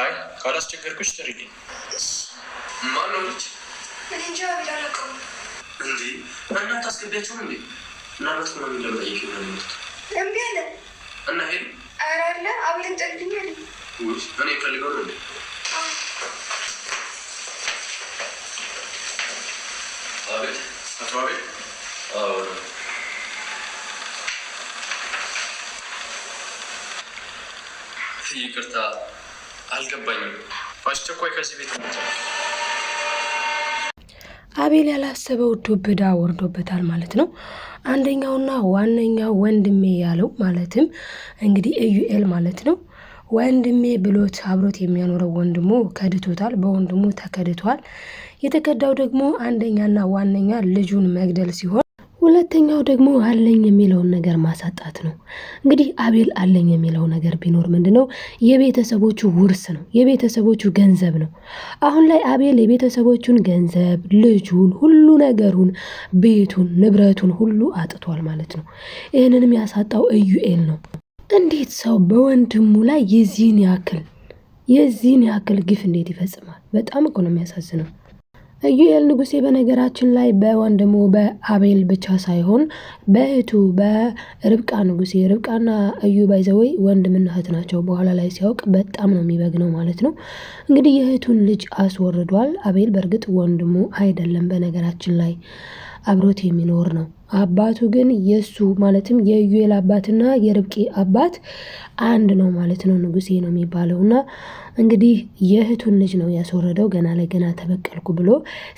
አይ ካላስቸገርኩሽ ጥሪልኝ። ማነው ልጅ? እኔ እንጃ ቢላለቀው እንዴ እናት አስገቢያቸው እንዴ ምናልባት ሆነ እንደመጠየቅ ይሆናልት እምቢ አለ እና ሄዱ አራለ አለ። ጠልብኛል እኔ ፈልገው ነው እንዴ አቤት አቶ አቤት ይቅርታ አልገባኝም። በአስቸኳይ ከዚህ ቤት አቤል ያላሰበው ዱብዳ ወርዶበታል ማለት ነው። አንደኛውና ዋነኛው ወንድሜ ያለው ማለትም እንግዲህ እዩኤል ማለት ነው። ወንድሜ ብሎት አብሮት የሚያኖረው ወንድሙ ከድቶታል፣ በወንድሙ ተከድቷል። የተከዳው ደግሞ አንደኛና ዋነኛ ልጁን መግደል ሲሆን ሁለተኛው ደግሞ አለኝ የሚለውን ነገር ማሳጣት ነው። እንግዲህ አቤል አለኝ የሚለው ነገር ቢኖር ምንድን ነው? የቤተሰቦቹ ውርስ ነው፣ የቤተሰቦቹ ገንዘብ ነው። አሁን ላይ አቤል የቤተሰቦቹን ገንዘብ፣ ልጁን፣ ሁሉ ነገሩን፣ ቤቱን፣ ንብረቱን ሁሉ አጥቷል ማለት ነው። ይህንንም ያሳጣው እዩኤል ነው። እንዴት ሰው በወንድሙ ላይ የዚህን ያክል የዚህን ያክል ግፍ እንዴት ይፈጽማል? በጣም እኮ ነው የሚያሳዝነው። ዩኤል ንጉሴ በነገራችን ላይ በወንድሙ በአቤል ብቻ ሳይሆን በእህቱ በርብቃ ንጉሴ ርብቃና እዩ ባይዘወይ ወንድምና እህት ናቸው። በኋላ ላይ ሲያውቅ በጣም ነው የሚበግነው ማለት ነው። እንግዲህ የእህቱን ልጅ አስወርዷል። አቤል በእርግጥ ወንድሙ አይደለም፣ በነገራችን ላይ አብሮት የሚኖር ነው። አባቱ ግን የእሱ ማለትም የዩኤል አባትና የርብቂ አባት አንድ ነው ማለት ነው። ንጉሴ ነው የሚባለው እና እንግዲህ የእህቱን ልጅ ነው ያስወረደው ገና ለገና ተበቀልኩ ብሎ።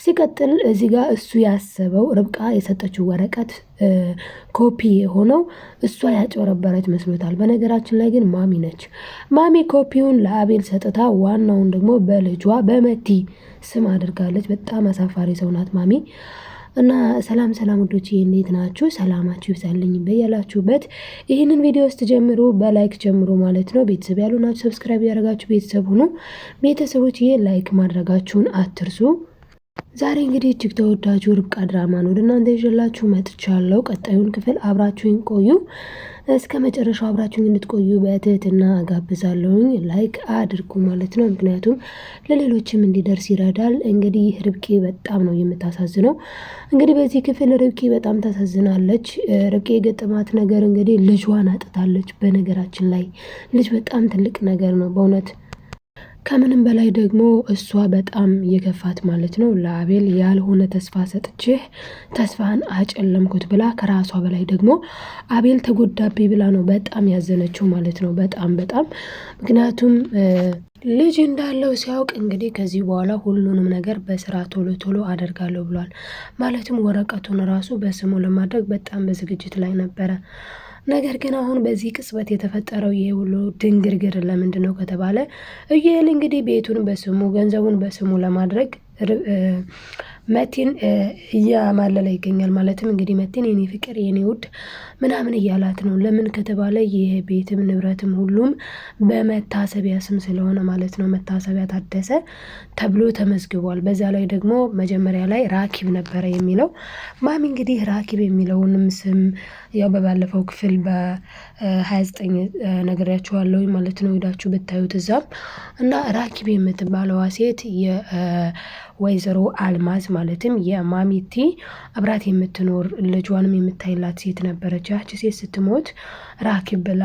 ሲቀጥል እዚህ ጋር እሱ ያሰበው ርብቃ የሰጠችው ወረቀት ኮፒ የሆነው እሷ ያጨረበረች መስሎታል። በነገራችን ላይ ግን ማሚ ነች። ማሚ ኮፒውን ለአቤል ሰጥታ ዋናውን ደግሞ በልጇ በመቲ ስም አድርጋለች። በጣም አሳፋሪ ሰው ናት ማሚ። እና ሰላም ሰላም ውዶች እንዴት ናችሁ? ሰላማችሁ ይብዛልኝ በያላችሁበት። ይህንን ቪዲዮ ውስጥ ጀምሩ በላይክ ጀምሮ ማለት ነው። ቤተሰብ ያሉ ናችሁ ሰብስክራይብ ያደረጋችሁ ቤተሰብ ሁኑ። ቤተሰቦች ይሄ ላይክ ማድረጋችሁን አትርሱ። ዛሬ እንግዲህ እጅግ ተወዳጁ ርብቃ ድራማን ወደ እናንተ ይዤላችሁ መጥቻለሁ። ቀጣዩን ክፍል አብራችሁን ቆዩ። እስከ መጨረሻው አብራችሁኝ እንድትቆዩ በትህትና አጋብዛለሁኝ። ላይክ አድርጉ ማለት ነው፣ ምክንያቱም ለሌሎችም እንዲደርስ ይረዳል። እንግዲህ ርብቄ በጣም ነው የምታሳዝነው። እንግዲህ በዚህ ክፍል ርብቄ በጣም ታሳዝናለች። ርብቄ የገጠማት ነገር እንግዲህ ልጇን አጥታለች። በነገራችን ላይ ልጅ በጣም ትልቅ ነገር ነው በእውነት ከምንም በላይ ደግሞ እሷ በጣም የገፋት ማለት ነው ለአቤል ያልሆነ ተስፋ ሰጥቼህ ተስፋህን አጨለምኩት ብላ ከራሷ በላይ ደግሞ አቤል ተጎዳቤ ብላ ነው በጣም ያዘነችው ማለት ነው። በጣም በጣም ምክንያቱም ልጅ እንዳለው ሲያውቅ እንግዲህ ከዚህ በኋላ ሁሉንም ነገር በስራ ቶሎ ቶሎ አደርጋለሁ ብሏል። ማለትም ወረቀቱን ራሱ በስሙ ለማድረግ በጣም በዝግጅት ላይ ነበረ። ነገር ግን አሁን በዚህ ቅጽበት የተፈጠረው ይሄ ሁሉ ድንግርግር ለምንድን ነው ከተባለ ኢዩኤል እንግዲህ ቤቱን በስሙ ገንዘቡን በስሙ ለማድረግ መቲን እያማለለ ይገኛል። ማለትም እንግዲህ መቲን የኔ ፍቅር የኔ ውድ ምናምን እያላት ነው። ለምን ከተባለ የቤትም ንብረትም ሁሉም በመታሰቢያ ስም ስለሆነ ማለት ነው። መታሰቢያ ታደሰ ተብሎ ተመዝግቧል። በዛ ላይ ደግሞ መጀመሪያ ላይ ራኪብ ነበረ የሚለው ማሚ እንግዲህ ራኪብ የሚለውንም ስም ያው በባለፈው ክፍል በ29 ነግሬያችኋለሁ ማለት ነው። ሄዳችሁ ብታዩት እዛም እና ራኪብ የምትባለዋ ሴት ወይዘሮ አልማዝ ማለትም የማሚቲ አብራት የምትኖር ልጇንም የምታይላት ሴት ነበረች። ያች ሴት ስትሞት ራኪ ብላ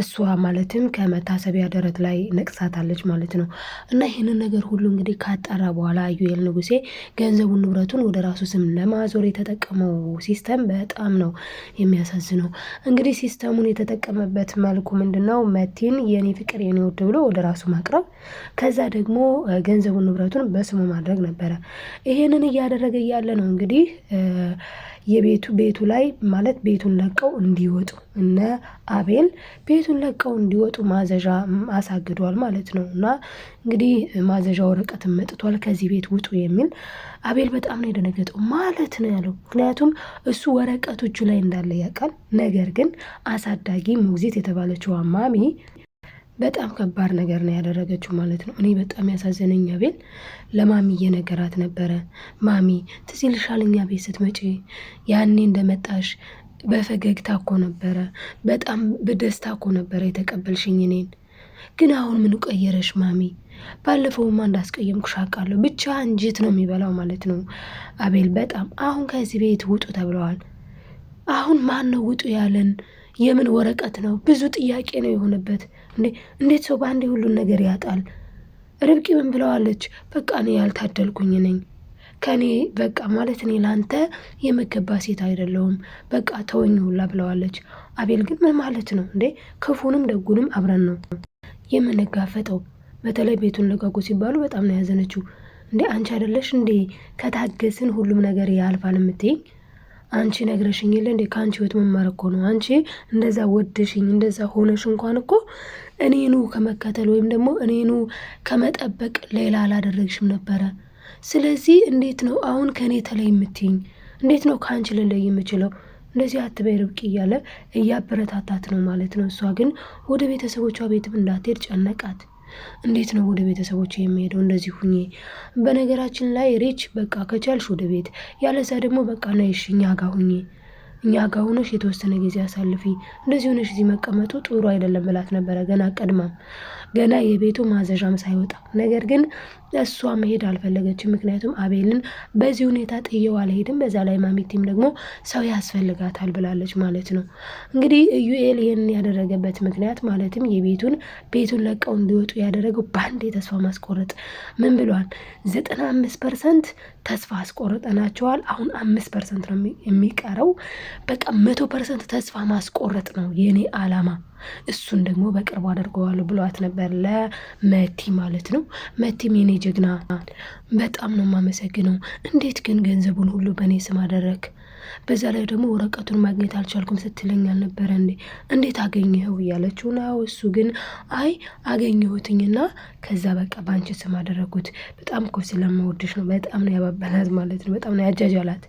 እሷ ማለትም ከመታሰቢያ ደረት ላይ ነቅሳታለች ማለት ነው። እና ይህንን ነገር ሁሉ እንግዲህ ካጠራ በኋላ ዩኤል ንጉሴ ገንዘቡን ንብረቱን ወደ ራሱ ስም ለማዞር የተጠቀመው ሲስተም በጣም ነው የሚያሳዝነው። እንግዲህ ሲስተሙን የተጠቀመበት መልኩ ምንድን ነው? መቲን የኔ ፍቅር የኔ ወድ ብሎ ወደ ራሱ ማቅረብ፣ ከዛ ደግሞ ገንዘቡን ንብረቱን በስሙ ማድረግ ነበረ። ይሄንን እያደረገ እያለ ነው እንግዲህ የቤቱ ቤቱ ላይ ማለት ቤቱን ለቀው እንዲወጡ እነ አቤል ቤቱን ለቀው እንዲወጡ ማዘዣ አሳግዷል ማለት ነው። እና እንግዲህ ማዘዣ ወረቀት መጥቷል ከዚህ ቤት ውጡ የሚል አቤል በጣም ነው የደነገጠው ማለት ነው ያለው። ምክንያቱም እሱ ወረቀቶቹ ላይ እንዳለ ያውቃል። ነገር ግን አሳዳጊ ሞግዚት የተባለችው አማሚ በጣም ከባድ ነገር ነው ያደረገችው ማለት ነው። እኔ በጣም ያሳዘነኝ አቤል ለማሚ እየነገራት ነበረ። ማሚ ትዝ ይልሻል እኛ ቤት ስትመጪ ያኔ እንደመጣሽ በፈገግታ እኮ ነበረ፣ በጣም በደስታ እኮ ነበረ የተቀበልሽኝ እኔን። ግን አሁን ምን ቀየረሽ ማሚ? ባለፈውማ እንዳስቀየምኩሽ አውቃለሁ። ብቻ እንጅት ነው የሚበላው ማለት ነው አቤል። በጣም አሁን ከዚህ ቤት ውጡ ተብለዋል። አሁን ማን ነው ውጡ ያለን? የምን ወረቀት ነው? ብዙ ጥያቄ ነው የሆነበት። እንዴት ሰው በአንዴ ሁሉን ነገር ያጣል? ርብቂ ምን ብለዋለች? በቃ እኔ ያልታደልኩኝ ነኝ ከኔ በቃ ማለት እኔ ለአንተ የምገባ ሴት አይደለውም በቃ ተወኝ ሁላ ብለዋለች። አቤል ግን ምን ማለት ነው እንዴ? ክፉንም ደጉንም አብረን ነው የምንጋፈጠው። በተለይ ቤቱን ለቀቁ ሲባሉ በጣም ነው ያዘነችው። እንዴ አንቺ አይደለሽ እንዴ ከታገስን ሁሉም ነገር ያልፋል የምትይኝ አንቺ ነግረሽኝ የለ እንዴ? ከአንቺ ህይወት መማር እኮ ነው። አንቺ እንደዛ ወደሽኝ እንደዛ ሆነሽ እንኳን እኮ እኔኑ ከመከተል ወይም ደግሞ እኔኑ ከመጠበቅ ሌላ አላደረግሽም ነበረ። ስለዚህ እንዴት ነው አሁን ከእኔ ተለይ የምትይኝ? እንዴት ነው ከአንቺ ልለይ የምችለው? እንደዚህ አትበይ ርብቅ እያለ እያበረታታት ነው ማለት ነው። እሷ ግን ወደ ቤተሰቦቿ ቤትም እንዳትሄድ ጨነቃት። እንዴት ነው ወደ ቤተሰቦች የሚሄደው? እንደዚህ ሁኜ። በነገራችን ላይ ሪች በቃ ከቻልሽ ወደ ቤት ያለዛ ደግሞ በቃ ነይሽ እኛ ጋር ሁኜ እኛ ጋር ሆነሽ የተወሰነ ጊዜ አሳልፊ፣ እንደዚህ ሆነሽ እዚህ መቀመጡ ጥሩ አይደለም ብላት ነበረ። ገና ቀድማም ገና የቤቱ ማዘዣም ሳይወጣ ነገር ግን እሷ መሄድ አልፈለገችም። ምክንያቱም አቤልን በዚህ ሁኔታ ጥየው አልሄድም፣ በዛ ላይ ማሚቲም ደግሞ ሰው ያስፈልጋታል ብላለች ማለት ነው። እንግዲህ ዩኤል ይህን ያደረገበት ምክንያት ማለትም የቤቱን ቤቱን ለቀው እንዲወጡ ያደረገው በአንድ የተስፋ ማስቆረጥ ምን ብሏል? ዘጠና አምስት ፐርሰንት ተስፋ አስቆርጠናቸዋል። አሁን አምስት ፐርሰንት ነው የሚቀረው በቃ መቶ ፐርሰንት ተስፋ ማስቆረጥ ነው የእኔ አላማ። እሱን ደግሞ በቅርቡ አደርገዋለሁ ብሏት ነበር ለመቲ ማለት ነው። መቲም የኔ ጀግና በጣም ነው የማመሰግነው። እንዴት ግን ገንዘቡን ሁሉ በእኔ ስም አደረግ በዛ ላይ ደግሞ ወረቀቱን ማግኘት አልቻልኩም ስትለኝ አልነበረ እንዴ? እንዴት አገኘኸው እያለችው ነው። እሱ ግን አይ አገኘሁትኝና ከዛ በቃ በአንቺ ስም አደረጉት። በጣም እኮ ስለማወድሽ ነው። በጣም ነው ያባባላት ማለት ነው። በጣም ነው ያጃጃላት፣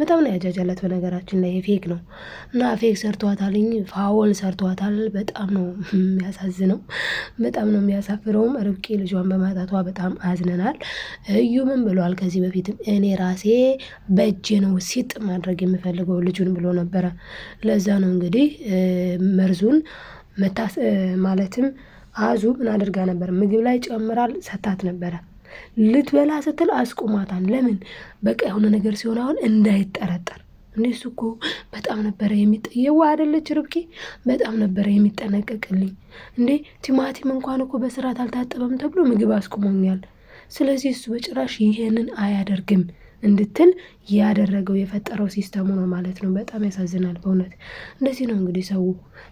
በጣም ነው ያጃጃላት። በነገራችን ላይ ፌክ ነው እና ፌክ ሰርተዋታልኝ፣ ፋውል ሰርተዋታል። በጣም ነው የሚያሳዝነው፣ በጣም ነው የሚያሳፍረውም። ርብቄ ልጇን በማጣቷ በጣም አዝነናል። እዩ ምን ብሏል? ከዚህ በፊትም እኔ ራሴ በእጄ ነው ሲጥ ማድረግ ማድረግ የምፈልገው ልጁን ብሎ ነበረ። ለዛ ነው እንግዲህ መርዙን ማለትም አዙ ምን አድርጋ ነበር? ምግብ ላይ ጨምራል ሰታት ነበረ። ልትበላ ስትል አስቁማታን። ለምን በቃ የሆነ ነገር ሲሆን አሁን እንዳይጠረጠር እንዴ እኮ በጣም ነበረ የሚጠየው አደለች ርብቃ በጣም ነበረ የሚጠነቀቅልኝ። እንዴ ቲማቲም እንኳን እኮ በስርዓት አልታጠበም ተብሎ ምግብ አስቁሞኛል። ስለዚህ እሱ በጭራሽ ይህንን አያደርግም። እንድትል ያደረገው የፈጠረው ሲስተሙ ነው ማለት ነው። በጣም ያሳዝናል በእውነት እንደዚህ ነው እንግዲህ ሰው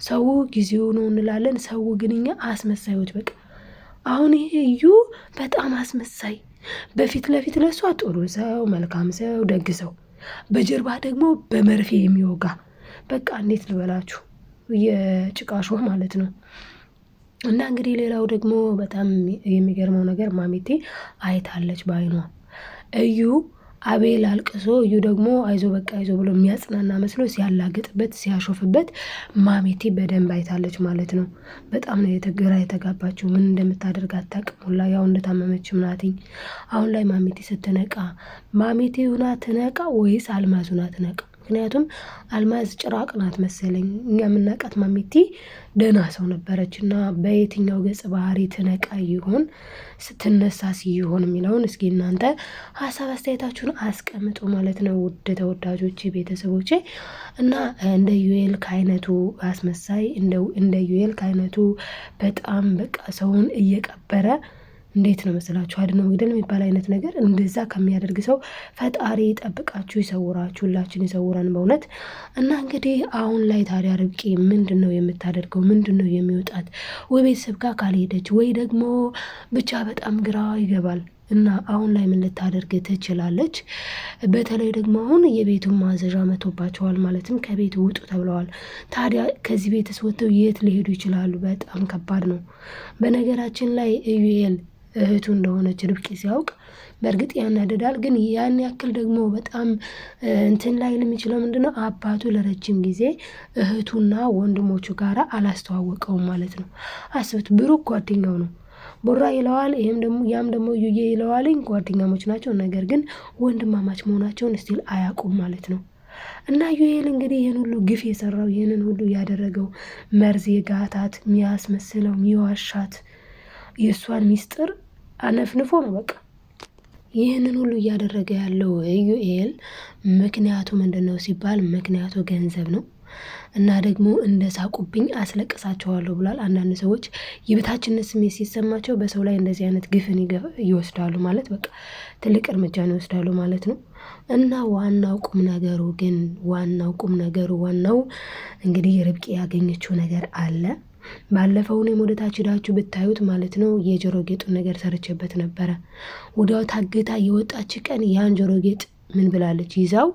ሰው ጊዜው ነው እንላለን። ሰው ግን እኛ አስመሳዮች በቃ አሁን ይሄ እዩ በጣም አስመሳይ፣ በፊት ለፊት ለሷ ጥሩ ሰው፣ መልካም ሰው፣ ደግ ሰው፣ በጀርባ ደግሞ በመርፌ የሚወጋ በቃ እንዴት ልበላችሁ የጭቃሾ ማለት ነው። እና እንግዲህ ሌላው ደግሞ በጣም የሚገርመው ነገር ማሜቴ አይታለች በአይኗ። እዩ አቤል አልቅሶ እዩ ደግሞ አይዞ በቃ አይዞ ብሎ የሚያጽናና መስሎ ሲያላግጥበት ሲያሾፍበት ማሜቴ በደንብ አይታለች ማለት ነው። በጣም ነው የተግራ የተጋባችው። ምን እንደምታደርግ አታውቅም ሁላ ያው እንደታመመችም ናትኝ። አሁን ላይ ማሜቴ ስትነቃ ማሜቴ ሁና ትነቃ ወይስ አልማዙና ትነቃ? ምክንያቱም አልማዝ ጭራቅ ናት መሰለኝ እኛ የምናውቃት ማሚቲ ደህና ሰው ነበረች እና በየትኛው ገጽ ባህሪ ትነቃ ይሆን ስትነሳስ ይሆን የሚለውን እስኪ እናንተ ሀሳብ አስተያየታችሁን አስቀምጡ ማለት ነው። ውድ ተወዳጆች ቤተሰቦቼ እና እንደ ዩኤል ከአይነቱ አስመሳይ እንደ ዩኤል ከአይነቱ በጣም በቃ ሰውን እየቀበረ እንዴት ነው መስላችሁ? አድኖ መግደል የሚባል አይነት ነገር እንደዛ ከሚያደርግ ሰው ፈጣሪ ጠብቃችሁ ይሰውራችሁ፣ ሁላችን ይሰውራን በእውነት እና እንግዲህ አሁን ላይ ታዲያ ርብቃ ምንድን ነው የምታደርገው? ምንድን ነው የሚወጣት? ወይ ቤተሰብ ጋር ካልሄደች ወይ ደግሞ ብቻ በጣም ግራ ይገባል። እና አሁን ላይ ምን ልታደርግ ትችላለች? በተለይ ደግሞ አሁን የቤቱን ማዘዣ መቶባቸዋል። ማለትም ከቤት ውጡ ተብለዋል። ታዲያ ከዚህ ቤት ስወጥተው የት ሊሄዱ ይችላሉ? በጣም ከባድ ነው። በነገራችን ላይ እዩኤል እህቱ እንደሆነች ርብቃ ሲያውቅ በእርግጥ ያናደዳል። ግን ያን ያክል ደግሞ በጣም እንትን ላይ የሚችለው ምንድነው አባቱ ለረጅም ጊዜ እህቱና ወንድሞቹ ጋር አላስተዋወቀውም ማለት ነው። አስብት ብሩክ ጓደኛው ነው። ቦራ ይለዋል፣ ይህም ደግሞ ያም ደግሞ ዩዬ ይለዋልኝ ጓደኛሞች ናቸው። ነገር ግን ወንድማማች መሆናቸውን ስቲል አያውቁም ማለት ነው። እና ዩኤል እንግዲህ ይህን ሁሉ ግፍ የሰራው ይህንን ሁሉ ያደረገው መርዝ የጋታት ሚያስመስለው ሚዋሻት የእሷን ሚስጥር አነፍንፎ ነው በቃ። ይህንን ሁሉ እያደረገ ያለው ኢዩኤል ምክንያቱ ምንድን ነው ሲባል ምክንያቱ ገንዘብ ነው። እና ደግሞ እንደ ሳቁብኝ አስለቅሳቸዋለሁ ብሏል። አንዳንድ ሰዎች የበታችነት ስሜት ሲሰማቸው በሰው ላይ እንደዚህ አይነት ግፍን ይወስዳሉ ማለት በቃ ትልቅ እርምጃን ይወስዳሉ ማለት ነው። እና ዋናው ቁም ነገሩ ግን ዋናው ቁም ነገሩ ዋናው እንግዲህ ርብቃ ያገኘችው ነገር አለ ባለፈው እኔም ወደ ታች ሄዳችሁ ብታዩት ማለት ነው የጆሮ ጌጡን ነገር ሰርቼበት ነበረ። ወዲያው ታግታ የወጣች ቀን ያን ጆሮ ጌጥ ምን ብላለች? ይዛው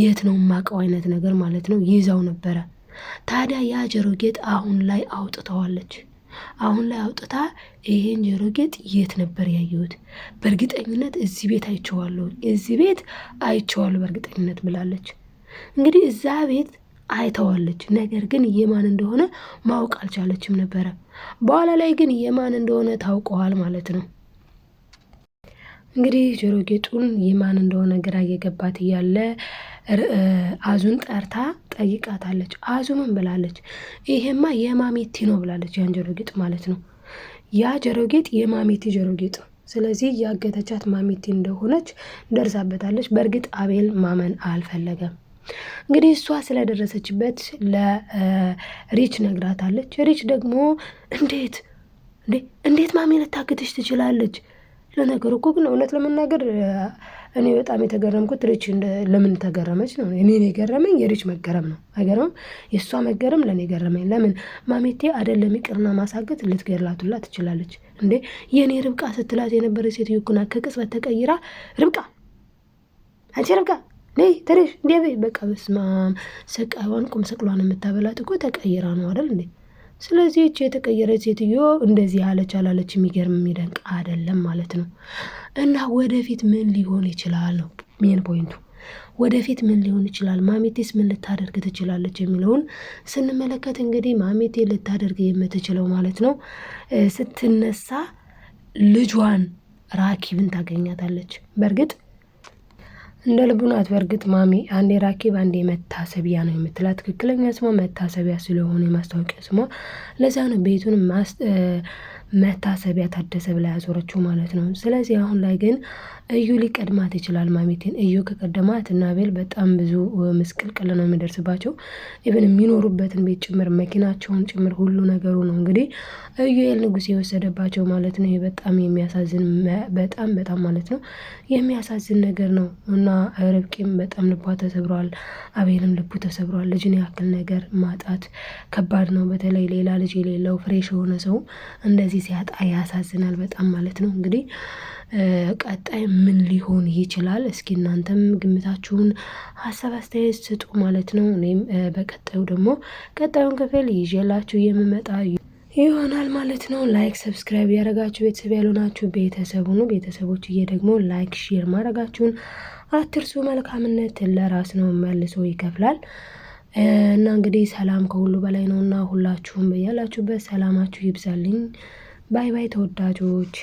የት ነው የማውቀው አይነት ነገር ማለት ነው ይዛው ነበረ። ታዲያ ያ ጆሮ ጌጥ አሁን ላይ አውጥተዋለች። አሁን ላይ አውጥታ ይሄን ጆሮ ጌጥ የት ነበር ያየሁት? በእርግጠኝነት እዚህ ቤት አይቼዋለሁ፣ እዚህ ቤት አይቼዋለሁ በእርግጠኝነት ብላለች። እንግዲህ እዛ ቤት አይተዋለች። ነገር ግን የማን እንደሆነ ማወቅ አልቻለችም ነበረ። በኋላ ላይ ግን የማን እንደሆነ ታውቀዋል ማለት ነው። እንግዲህ ጆሮ ጌጡን የማን እንደሆነ ግራ እየገባት እያለ አዙን ጠርታ ጠይቃታለች። አዙምን ብላለች? ይሄማ የማሜቲ ነው ብላለች። ያን ጆሮ ጌጥ ማለት ነው። ያ ጆሮ ጌጥ የማሜቲ ጆሮ ጌጥ ነው። ስለዚህ ያገተቻት ማሜቲ እንደሆነች ደርሳበታለች። በእርግጥ አቤል ማመን አልፈለገም። እንግዲህ እሷ ስለደረሰችበት ለሪች ነግራታለች። ሪች ደግሞ እንዴት እንዴት ማሜ ልታግትሽ ትችላለች? ለነገሩ እኮ ግን እውነት ለመናገር እኔ በጣም የተገረምኩት ሪች ለምን ተገረመች ነው። እኔን የገረመኝ የሪች መገረም ነው። አይገርምም? የእሷ መገረም ለእኔ ገረመኝ። ለምን ማሜቴ አይደለም ይቅርና ማሳገት ልትገድላቱላ ትችላለች እንዴ? የእኔ ርብቃ ስትላት የነበረ ሴትዮ እኮ ናት ከቅጽበት ተቀይራ ርብቃ አንቺ ርብቃ ነይ ተሬሽ እንዲያ በይ በቃ በስማም ሰቃዋን ቁም ሰቅሏን የምታበላት እኮ ተቀይራ ነው አይደል እንዴ? ስለዚህ ይቺ የተቀየረች ሴትዮ እንደዚህ አለች አላለች የሚገርም የሚደንቅ አይደለም ማለት ነው። እና ወደፊት ምን ሊሆን ይችላል ነው ሜን ፖይንቱ። ወደፊት ምን ሊሆን ይችላል፣ ማሜቴስ ምን ልታደርግ ትችላለች የሚለውን ስንመለከት እንግዲህ ማሜቴ ልታደርግ የምትችለው ማለት ነው ስትነሳ ልጇን ራኪብን ታገኛታለች በእርግጥ እንደ ልቡ ናት። በእርግጥ ማሚ አንዴ ራኪብ አንዴ መታሰቢያ ነው የምትላት ትክክለኛ ስሟ መታሰቢያ ስለሆነ የማስታወቂያ ስሟ ለዛ ነው ቤቱን መታሰቢያ ታደሰ ብላ ያዞረችው ማለት ነው። ስለዚህ አሁን ላይ ግን እዩ ሊቀድማት ይችላል ማሚቴን። እዩ ከቀደማት እና ቤል በጣም ብዙ ምስቅልቅል ነው የሚደርስባቸው። ኢቨን የሚኖሩበትን ቤት ጭምር መኪናቸውን ጭምር ሁሉ ነገሩ ነው እንግዲህ እዩኤል ንጉስ የወሰደባቸው ማለት ነው። በጣም የሚያሳዝን በጣም በጣም ማለት ነው የሚያሳዝን ነገር ነው እና ረብቂም በጣም ልቧ ተሰብሯል። አቤልም ልቡ ተሰብሯል። ልጅን ያክል ነገር ማጣት ከባድ ነው። በተለይ ሌላ ልጅ የሌለው ፍሬሽ የሆነ ሰው እንደዚህ ሲያጣ ያሳዝናል በጣም ማለት ነው እንግዲህ ቀጣይ ምን ሊሆን ይችላል? እስኪ እናንተም ግምታችሁን ሀሳብ አስተያየት ስጡ ማለት ነው። እኔም በቀጣዩ ደግሞ ቀጣዩን ክፍል ይዤላችሁ የምመጣ ይሆናል ማለት ነው። ላይክ ሰብስክራይብ ያደረጋችሁ ቤተሰብ ያልሆናችሁ ቤተሰቡ ነው። ቤተሰቦች እየ ደግሞ ላይክ ሼር ማድረጋችሁን አትርሱ። መልካምነት ለራስ ነው መልሶ ይከፍላል። እና እንግዲህ ሰላም ከሁሉ በላይ ነውና ሁላችሁም በያላችሁበት ሰላማችሁ ይብዛልኝ። ባይ ባይ ተወዳጆች።